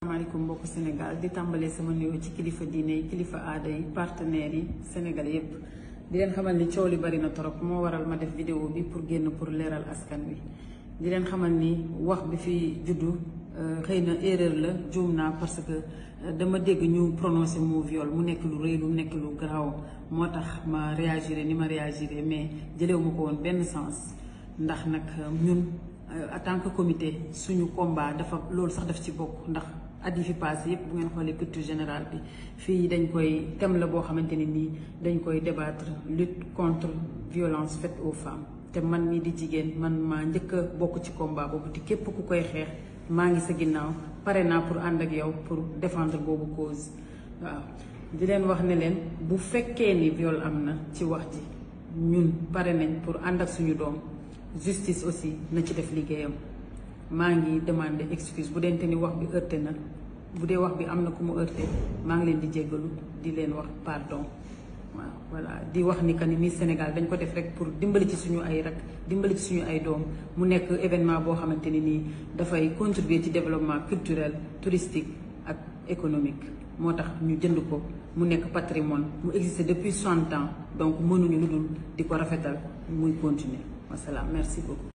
asalaamaaleykum mbokku Sénégal di tàmbalee sama néew ci kilifa diine yi kilifa aada yi partenaires yi Sénégal yépp di leen xamal ni coow li bari na torop moo waral ma def vidéo bi pour génn pour leeral askan bi di leen xamal ni wax bi fi juddu euh, xëy na erreur la juum naa parce que euh, dama dégg ñu prononcé mot viol mu nekk lu rëy lu nekk lu garaaw moo tax ma réagiré ni ma réagiré mais jëlewu ma ko woon benn sens ndax nag euh, ñun Euh, en tant que comité suñu combat dafa loolu sax daf ci bokk ndax at yi fi passé yëpp bu ngeen xoolee culture générale bi fii dañ koy thème la boo xamante ne nii dañ koy débattre lutte contre violence faite aux femmes te man mii di jigéen man maa njëkk bokk ci combat boobu te képp ku koy xeex maa ngi sa ginnaaw pare naa pour ànd ak yow pour defendre boobu cause waaw di leen wax ne leen bu fekkee ni viol am na ci wax ji ñun pare nañ pour ànd ak suñu doom justice aussi na ci def liggéeyam maa ngi demandé excuse bu dente wax bi heurté na bu dee wax bi am na ku mu heurté maa ngi leen di jéggalu di leen wax pardon waaw voilà di wax ni que ni mi Sénégal dañ ko def rek pour dimbali ci suñu ay rek dimbali ci suñu ay doom mu nekk événement boo xamante ni nii dafay contribuer ci développement culturel touristique ak économique moo tax ñu jënd ko mu nekk patrimoine mu existe depuis 60 ans donc mënuñu lu dul di ko rafetal muy continuer merci beaucoup.